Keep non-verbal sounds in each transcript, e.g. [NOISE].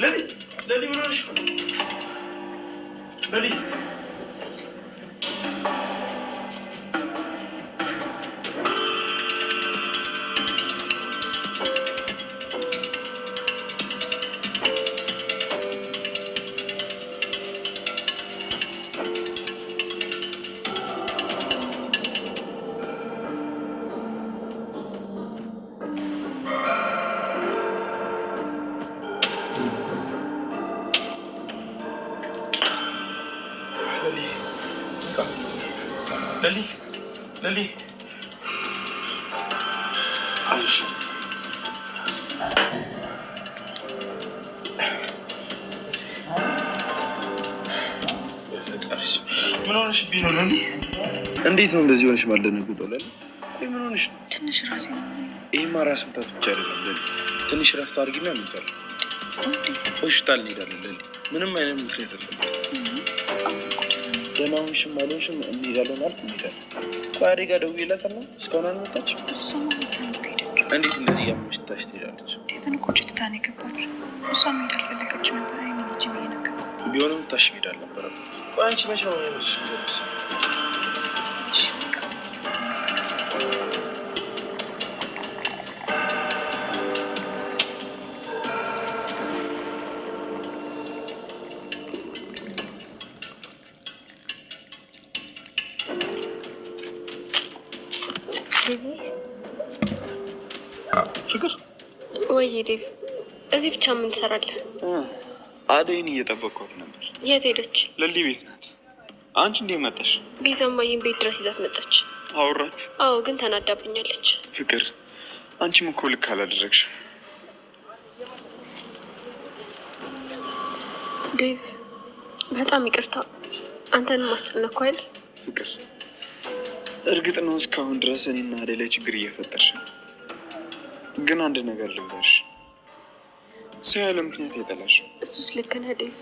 ለሊ ለሊ ብሎሽ ለሊ ለሊ ለሊ ምን ሆነሽ ቢሆን እንዴት ነው እንደዚህ ሆነሽ ማልደነግጠው? ለሊ ምን ሆነሽ ትንሽ ራሴ ይህማ ራስ ምታት ብቻ አይደለም። ትንሽ ረፍት አድርጊና ሆስፒታል እንሄዳለን። ለሊ ምንም አይነት ምክንያት አልፈልግም ደህና ሆንሽም አልሆንሽም እንሄዳለን አልኩ። እንሄዳለን ባህሪ ጋር ደውዬላታል ነው እስካሁን አልመጣችም። እንዴት እንደዚህ እያመመች ትታች ትሄዳለች? ጭትታን የገባች እሷ መሄድ አልፈለገችም ነበር። ቢሆንም ታሽ መሄድ አልነበረም። ቆይ አንቺ መች ነው ዴቭ፣ እዚህ ብቻ ምን ትሰራለህ? አደይን እየጠበቅኳት ነበር። የት ሄደች? ለሊ ቤት ናት። አንቺ እንዴት መጣሽ? ቤዛ ቤት ድረስ ይዛት መጣች። አወራችሁ? አዎ፣ ግን ተናዳብኛለች። ፍቅር፣ አንቺም እኮ ልክ አላደረግሽም። ዴቭ፣ በጣም ይቅርታ። አንተን ማስጨነኩ አይደል? ፍቅር፣ እርግጥ ነው እስካሁን ድረስ እኔና አደይ ላይ ችግር እየፈጠርሽ ነው። ግን አንድ ነገር ልንገርሽ ሰው ያለ ምክንያት የጠላሽ እሱስ ልክ ነህ ዴቭ፣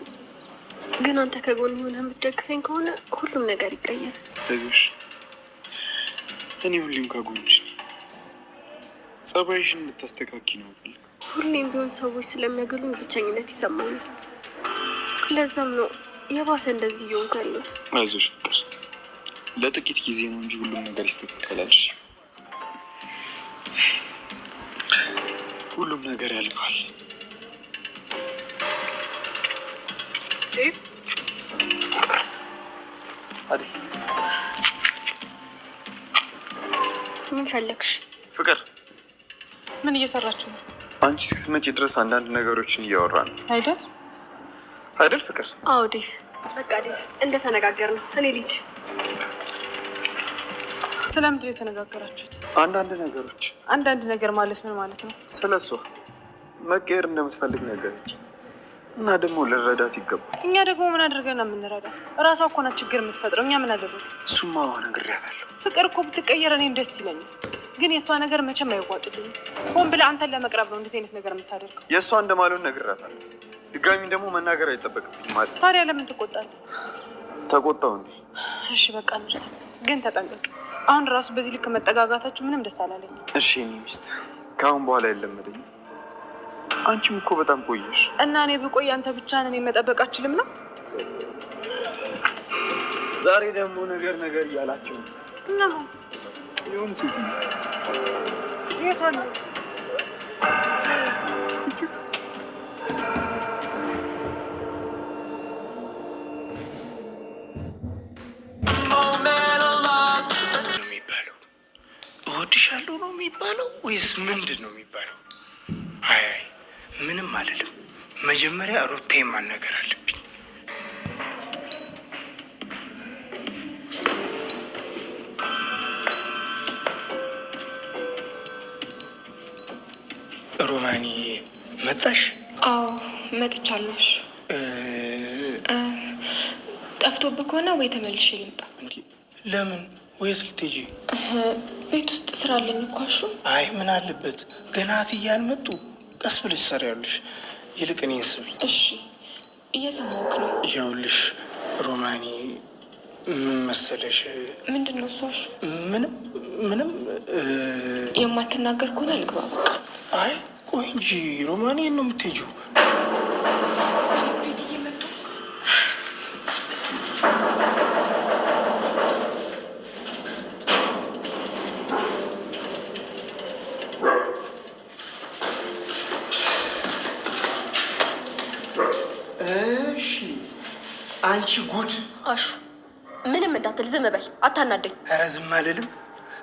ግን አንተ ከጎን የሆነ የምትደግፈኝ ከሆነ ሁሉም ነገር ይቀየራል። አይዞሽ፣ እኔ ሁሌም ከጎንሽ ጸባይሽን እንድታስተካኪ ነው ፈልግ። ሁሌም ቢሆን ሰዎች ስለሚያገሉኝ ብቸኝነት ይሰማኛል። ለዛም ነው የባሰ እንደዚህ የሆን ካለ አይዞሽ ፍቅር፣ ለጥቂት ጊዜ ነው እንጂ ሁሉም ነገር ይስተካከላልሽ ሁሉም ነገር ያልፋል። Steve? ምን ፈለግሽ? ፍቅር ምን እየሰራችሁ ነው? አንቺ እስክትመጪ ድረስ አንዳንድ ነገሮችን እያወራን አይደል? አይደል ፍቅር? አዎ ዴቭ፣ በቃ ዴቭ፣ እንደተነጋገርነው እኔ ልሂድ። ስለምንድን የተነጋገራችሁት? አንዳንድ ነገሮች። አንዳንድ ነገር ማለት ምን ማለት ነው? ስለ እሷ መቀየር እንደምትፈልግ ነገረች። እና ደግሞ ልረዳት ይገባል። እኛ ደግሞ ምን አድርገን ነው የምንረዳት? እራሷ እኮ ናት ችግር የምትፈጥረው። እኛ ምን አደረግ? እሱማ ነግሬያታለሁ። ፍቅር እኮ ብትቀየር እኔም ደስ ይለኛል፣ ግን የእሷ ነገር መቼም አይዋጥልኝም። ሆን ብለህ አንተን ለመቅረብ ነው እንደዚህ አይነት ነገር የምታደርገው። የእሷ እንደማልሆን ነግሬያታለሁ። ድጋሚ ደግሞ መናገር አይጠበቅብኝ ማለት። ታዲያ ለምን ትቆጣለህ? ተቆጣው እንዲ። እሺ በቃ እንርሳ፣ ግን ተጠንቀቅ። አሁን ራሱ በዚህ ልክ መጠጋጋታችሁ ምንም ደስ አላለኝ። እሺ እኔ ሚስት ከአሁን በኋላ የለመደኝ አንቺም እኮ በጣም ቆየሽ እና እኔ ብቆይ አንተ ብቻ ነን መጠበቅ አችልም ነው። ዛሬ ደግሞ ነገር ነገር እያላቸው እወድሻለሁ ነው የሚባለው ወይስ ምንድን ነው የሚባለው? አይ አይ ምንም አልልም። መጀመሪያ ሩቴ ማናገር አለብኝ። ሮማኒ መጣሽ? አዎ መጥቻለሽ። ጠፍቶብህ ከሆነ ወይ ተመልሼ ልምጣ። ለምን? ወየት ልትሄጂ? ቤት ውስጥ ስራ አለኝ እኮ። አይ ምን አለበት ገና እትዬ ቀስ ብለሽ ትሰሪያለሽ። ይልቅ እኔን ስሚኝ። እሺ፣ እየሰማሁህ ነው። ይኸውልሽ ሮማኒ፣ ምን መሰለሽ? ምንድን ነው እሷሹ? ምንም ምንም። የማትናገር ከሆነ ልግባ። በቃ። አይ ቆይ እንጂ ሮማኒ፣ ነው የምትሄጂው? አንቺ ጉድ! አሹ ምንም እንዳትል ዝም በል አታናደኝ። ኧረ ዝም አልልም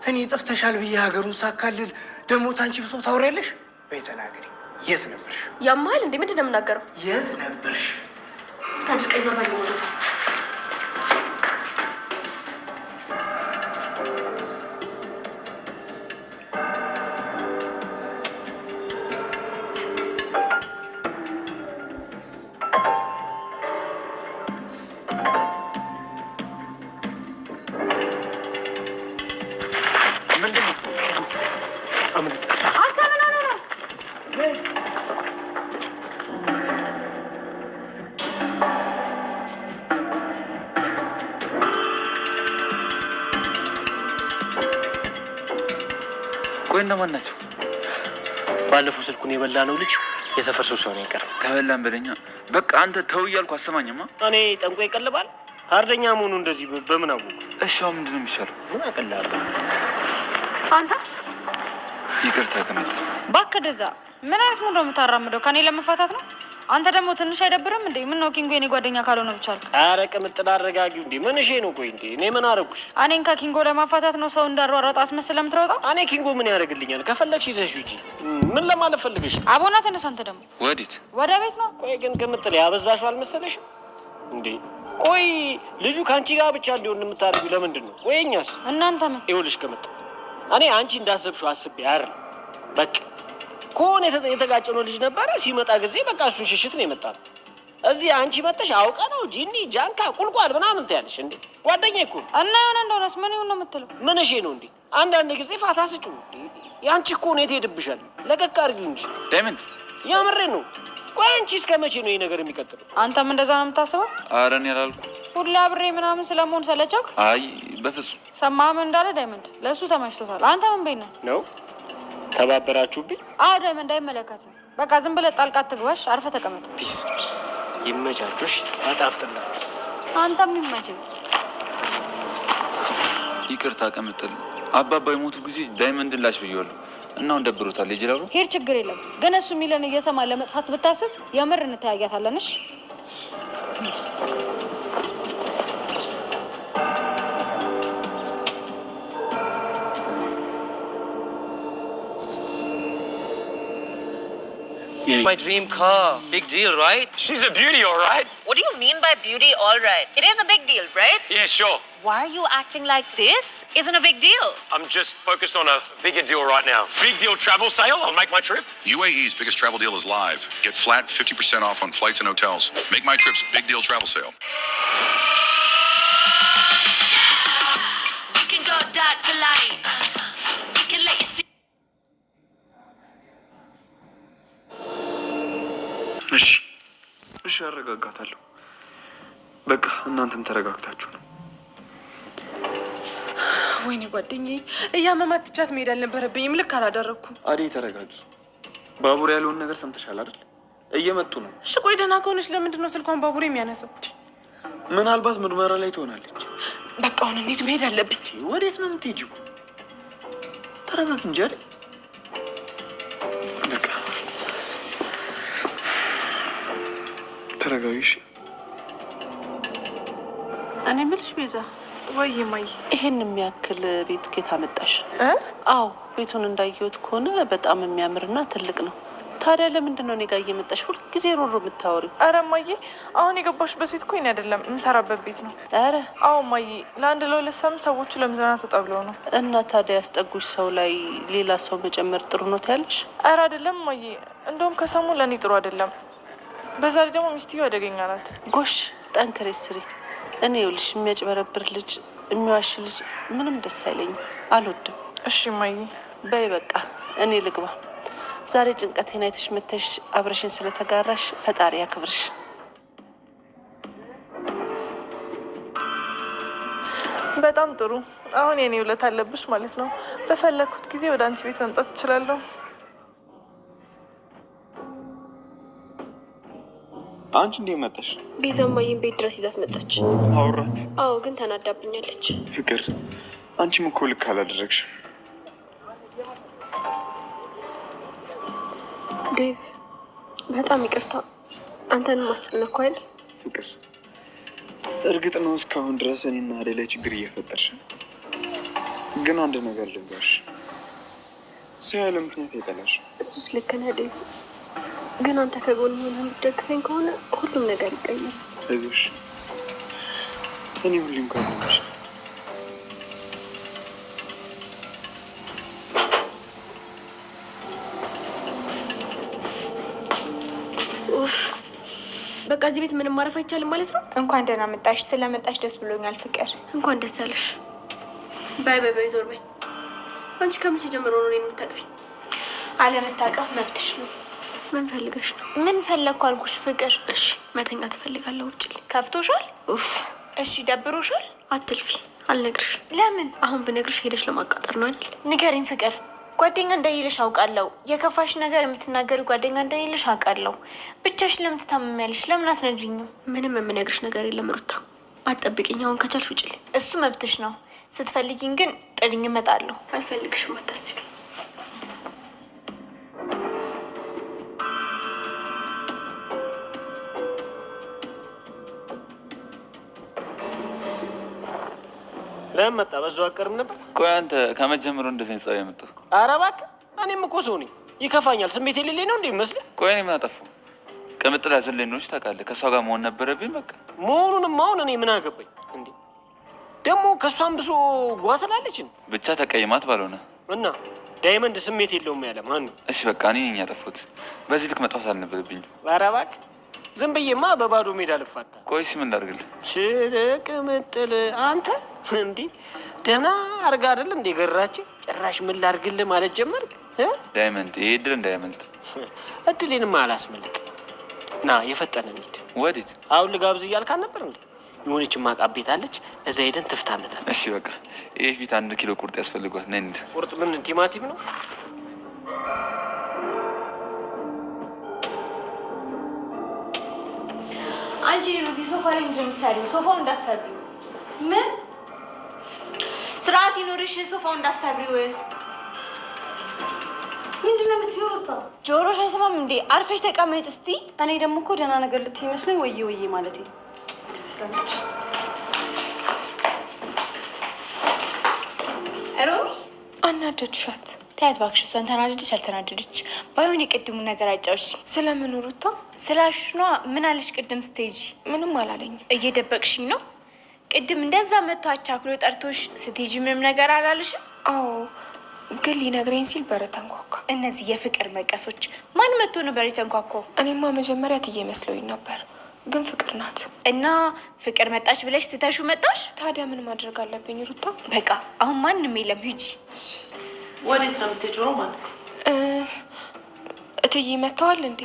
እኔ ጠፍተሻል ብዬ ሀገሩን ሳካልል ደግሞ ታንቺ ብሶ ታውሪያለሽ። በተናገሪ የት ነበርሽ? ያማል እንዴ ምንድን ነው የምናገረው? የት ነበርሽ? ታድርቀኝ እነማን ናቸው? ባለፈው ስልኩን የበላ ነው ልጅ የሰፈር ሰው ሰውን ይቀር ተበላን በለኛ። በቃ አንተ ተው እያልኩ አሰማኝማ። እኔ ጠንቆ ይቀልባል አርደኛ መሆኑ እንደዚህ በምን አወቁ? እሻው አሁን ምንድን ነው የሚሻለው? ምን አቀላል አንተ ይቅርታ ከመጣ ባክ። ደዛ ምን አይነት ሙ ነው የምታራምደው? ከኔ ለመፋታት ነው አንተ ደግሞ ትንሽ አይደብርም እንዴ? ምን ነው ኪንጎ የኔ ጓደኛ ካልሆነ ብቻ አልክ። ኧረ ቅምጥል አረጋጊው እንዴ። ምን እሺ ነው? ቆይ እንዴ እኔ ምን አረኩሽ? እኔን ከኪንጎ ለማፋታት ነው ሰው እንዳሯሯጥ አስመስለህ የምትሮጠው? እኔ ኪንጎ ምን ያደርግልኛል? ከፈለግሽ ይዘሽ ውጪ። ምን ለማለት ፈልገሽ? አቦና ተነሳ። አንተ ደግሞ ወዴት? ወደ ቤት ነው። ቆይ ግን ቅምጥል ያበዛሽው አልመሰለሽም እንዴ? ቆይ ልጁ ከአንቺ ጋር ብቻ እንዲሆን የምታደርጊው ለምንድን ነው? ቆይ እኛስ እናንተ ምን? ይኸውልሽ ቅምጥል እኔ አንቺ እንዳሰብሽው አስቤ አይደል በቃ ከሆነ የተጋጨነው ልጅ ነበረ። ሲመጣ ጊዜ በቃ እሱ ሽሽት ነው የመጣ። እዚህ አንቺ መጥተሽ አውቀ ነው ጂኒ ጃንካ ቁልቋል ምናምን ትያለሽ እንዴ ጓደኛ ይኩ እና የሆነ እንደሆነስ ምን ይሁን ነው የምትለው? ምን እሺ ነው እንዴ አንዳንድ ጊዜ ፋታ ስጩ። የአንቺ እኮ ሁኔታ ሄድብሻል። ለቀቅ አድርጊው እንጂ ደምን ያምሬ ነው። ቆይ አንቺ እስከ መቼ ነው ይሄ ነገር የሚቀጥለው? አንተም እንደዛ ነው የምታስበው? ኧረ እኔ አላልኩም። ሁላ ብሬ ምናምን ስለመሆን ሰለቸውክ? አይ በፍጹም። ሰማህም እንዳለ ዳይመንድ፣ ለእሱ ተመችቶታል። አንተ ምን ቤት ነህ ነው ተባበራችሁብኝ። አዎ ደም እንዳይመለከት በቃ ዝም ብለህ ጣልቃ ትግባሽ። አርፈ ተቀመጥ። ፒስ ይመቻችሁሽ። አጣፍጥላችሁ አንተም ይመችል። ይቅርታ ቀምጥል። አባባ የሞቱ ጊዜ ዳይመንድን ላሽ ብያለሁ እና አሁን ደብሮታል። ይጅራሩ ሄድ፣ ችግር የለም ግን እሱ የሚለን እየሰማ ለመጥፋት ብታስብ የምር እንተያያታለንሽ My dream car. Big deal, right? She's a beauty, all right? What do you mean by beauty, all right? It is a big deal, right? Yeah, sure. Why are you acting like this isn't a big deal? I'm just focused on a bigger deal right now. Big deal travel sale. I'll make my trip. UAE's biggest travel deal is live. Get flat 50% off on flights and hotels. Make my trip's big deal travel sale. አረጋጋታለሁ። በቃ እናንተም ተረጋግታችሁ ነው። ወይኔ ጓደኛዬ እያመማት ትቻት መሄድ አልነበረብኝም። ልክ አላደረግኩ። አደይ ተረጋጊ። ባቡር ያለውን ነገር ሰምተሻል አይደል? እየመጡ ነው። እሺ ቆይ ደህና ከሆነች ለምንድን ነው ስልኳን ባቡር የሚያነሳው? ምናልባት ምርመራ ላይ ትሆናለች። በቃ አሁን እንሂድ፣ መሄድ አለብኝ። ወዴት ነው የምትሄጂው? ተረጋጊ እንጂ አይደል ተረጋጊሽ። እኔ ምልሽ ቤዛ፣ ወይ ማይ ይሄን የሚያክል ቤት ኬት አመጣሽ? አዎ ቤቱን እንዳየሁት ከሆነ በጣም የሚያምርና ትልቅ ነው። ታዲያ ለምንድን ነው እኔ ጋር እየመጣሽ ሁልጊዜ ሮሮ የምታወሪ? አረ ማዬ፣ አሁን የገባሽበት ቤት እኮ አይደለም የምሰራበት ቤት ነው። አረ አዎ ማዬ፣ ለአንድ ለሁለት ሳምንት ሰዎቹ ለመዝናናት ወጣ ብለው ነው። እና ታዲያ ያስጠጉሽ ሰው ላይ ሌላ ሰው መጨመር ጥሩ ነው ትያለሽ? አረ አይደለም ማዬ፣ እንደውም ከሰሙ ለእኔ ጥሩ አይደለም። በዛ ላይ ደግሞ ሚስትዮ አደገኛ ናት። ጎሽ ጠንክሬ ስሪ። እኔ ይኸውልሽ የሚያጭበረብር ልጅ፣ የሚዋሽ ልጅ ምንም ደስ አይለኝም፣ አልወድም። እሺ ማይ በይ በቃ እኔ ልግባ። ዛሬ ጭንቀት አይተሽ መተሽ አብረሽን ስለተጋራሽ ፈጣሪ ያክብርሽ። በጣም ጥሩ። አሁን የኔ ውለት አለብሽ ማለት ነው። በፈለግኩት ጊዜ ወደ አንቺ ቤት መምጣት እችላለሁ። አንቺ እንዴት መጣሽ? ቤዛ እማዬን ቤት ድረስ ይዛት መጣች። አውራት? አዎ፣ ግን ተናዳብኛለች። ፍቅር፣ አንቺም እኮ ልክ አላደረግሽም። ዴቭ፣ በጣም ይቅርታ። አንተንም ማስጨነኩ አይደል? ፍቅር፣ እርግጥ ነው እስካሁን ድረስ እኔና ሌላ ችግር እየፈጠርሽ ግን አንድ ነገር ልንገርሽ፣ ሰው ያለ ምክንያት አይጠላሽ። እሱስ ልክ ነህ ዴቭ ግን አንተ ከጎን ሆነ የምትደግፈኝ ከሆነ ሁሉም ነገር ይቀየራል። አይዞሽ፣ እኔ ሁሌም ከጎንሽ። በቃ እዚህ ቤት ምንም ማረፍ አይቻልም ማለት ነው። እንኳን ደህና መጣሽ። ስለመጣሽ ደስ ብሎኛል ፍቅር። እንኳን ደስ አለሽ። ባይ ባይ ባይ። ዞር በይ። አንቺ ከመቼ ጀምሮ ነው የምታቅፊ? አለመታቀፍ መብትሽ ነው። ምን ፈልገሽ ነው? ምን ፈለግኩ አልኩሽ ፍቅር። እሺ መተኛ ትፈልጋለሁ። ውጭ ከፍቶሻል? ኡፍ እሺ ደብሮሻል? አትልፊ። አልነግርሽ። ለምን? አሁን ብነግርሽ ሄደሽ ለማቃጠር ነው አይደል? ንገሪኝ ፍቅር። ጓደኛ እንደሌለሽ አውቃለሁ። የከፋሽ ነገር የምትናገሪ ጓደኛ እንደሌለሽ አውቃለሁ። ብቻሽ ለምን ትታመሚያለሽ? ለምን አትነግሪኝም? ምንም የምነግርሽ ነገር የለም ሩታ። አጠብቅኝ፣ አሁን ከቻልሽ ውጭ እሱ መብትሽ ነው። ስትፈልጊኝ ግን ጥሪኝ፣ እመጣለሁ። አልፈልግሽም፣ አታስቢ ለምን መጣ? በዛው አቀርም ነበር። ቆይ አንተ ከመጀመሩ እንደዚህ ጻው የመጡ ኧረ እባክህ፣ እኔም እኮ ሰው ነኝ። ይከፋኛል። ስሜት የሌለኝ ነው እንዴ ይመስል። ቆይ እኔ ምን አጠፋሁ? ቅምጥል ያዘለኝ ነው ታውቃለህ። ከእሷ ጋር መሆን ነበረብኝ። በቃ መሆኑንም አሁን እኔ ምን አገባኝ እንዴ? ደግሞ ከእሷም ብሶ ጓትላለችን። ብቻ ተቀይማት ባልሆነ እና ዳይመንድ ስሜት የለውም ያለ ማን? እሺ በቃ እኔ ነኝ በዚህ ልክ መጥፋት አልነበረብኝም። ኧረ እባክህ ዝም ብዬማ በባዶ ሜዳ ልፋታ። ቆይ ስም እንዳርግል ሽርቅ ምጥል አንተ እንዲህ ደህና አርጋ አይደል እንደ ገራች ጭራሽ ምን ላርግል ማለት ጀመር። ዳይመንድ ይሄ እድል እንዳይመልጥ [LAUGHS] እድሌንማ አላስመልጥ። ና የፈጠነ እንሂድ። ወዴት አሁን ልጋብዝ እያልካን ነበር እንዴ? የሆነች ማቃ ቤት አለች፣ እዛ ሄደን ትፍታነታል። እሺ በቃ ይህ ፊት አንድ ኪሎ ቁርጥ ያስፈልጓል። ነን ቁርጥ ምን ቲማቲም ነው አንቺ ሩዚ ሶፋ ላይ ምንድን ሶፋው እንዳሰብሪው ምን ስርዓት ይኖርሽ። ሶፋው እንዳሰብሪው ምንድን ነው የምትይወሩት? ጆሮሽ አይሰማም እንዴ? አርፈሽ ተቀመጭ እስቲ። እኔ ደግሞ እኮ ደህና ነገር ልትይ መስሎኝ ወይ ወይ ማለት ነው። ሮሚ አናደድሻት። ተያት እባክሽ። እሷን ተናደደች አልተናደደች ባይሆን የቅድሙ ነገር አጫዎች ስለምን ሩታ ስላሽኗ ምን አለች? ቅድም ስቴጂ ምንም አላለኝ እየደበቅሽኝ ነው። ቅድም እንደዛ መጥቶ አቻክሎ ጠርቶሽ ስቴጂ ምንም ነገር አላለሽም? አዎ ግን ሊነግረኝ ሲል በር ተንኳኳ። እነዚህ የፍቅር መቀሶች ማን መቶ ነው በር ተንኳኳ? እኔማ መጀመሪያ ትዬ መስለውኝ ነበር፣ ግን ፍቅር ናት እና ፍቅር መጣች ብለሽ ትተሹ መጣሽ። ታዲያ ምን ማድረግ አለብኝ ሩታ? በቃ አሁን ማንም የለም ሂጂ። ወዴት ነው የምትሄጂው ሮማን? እትዬ መጥተዋል እንዴ?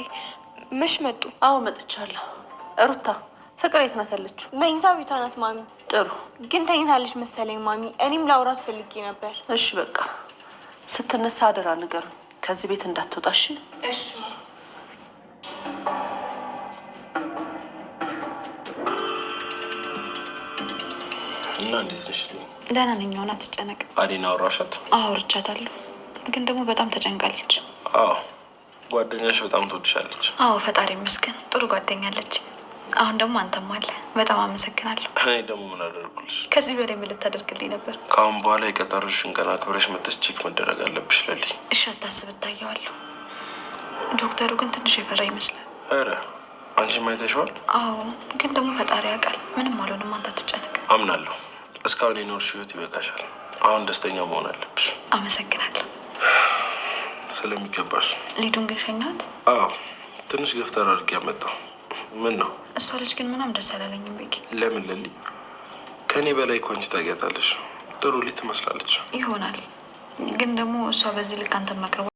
መች መጡ? አዎ መጥቻለሁ። ሩታ ፍቅር የት ናት ያለችው? መኝታ ቤቷ ናት ማሚ። ጥሩ ግን ተኝታለች መሰለኝ ማሚ። እኔም ላውራት ፈልጌ ነበር። እሺ በቃ ስትነሳ አደራ ነገር ከዚህ ቤት እንዳትወጣሽ። እሺ እና እንዴት ነሽ? ደህና ነኝ። ሆን አትጨነቅ። አዴና አውራሻት? አውርቻታለሁ፣ ግን ደግሞ በጣም ተጨንቃለች። አዎ ጓደኛሽ በጣም ትወድሻለች። አዎ ፈጣሪ ይመስገን ጥሩ ጓደኛ አለች። አሁን ደግሞ አንተም አለ። በጣም አመሰግናለሁ። እኔ ደግሞ ምን አደርጉልሽ? ከዚህ በላይ ምን ልታደርግልኝ ነበር? ከአሁን በኋላ የቀጠሮሽን ቀን አክብረሽ መጥተሽ ቼክ መደረግ አለብሽ። ለሊ እሺ፣ አታስብ፣ እታየዋለሁ። ዶክተሩ ግን ትንሽ የፈራ ይመስላል። ኧረ አንቺ ማይተሸዋል? አዎ፣ ግን ደግሞ ፈጣሪ ያውቃል። ምንም አልሆንም። አንተ አትጨነቅ። አምናለሁ እስካሁን የኖርሽ ህይወት ይበቃሻል። አሁን ደስተኛ መሆን አለብሽ። አመሰግናለሁ። ስለሚገባሽ። ሊዱን ግን ሸኛት? አዎ፣ ትንሽ ገፍተር አድርጌ ያመጣው። ምን ነው እሷ ልጅ ግን ምናም ደስ አላለኝም። ቤኪ ለምን ለሊ ከእኔ በላይ እኮ አንቺ ታውቂያታለሽ። ጥሩ ልጅ ትመስላለች ይሆናል፣ ግን ደግሞ እሷ በዚህ ልክ አንተ መቅረቧ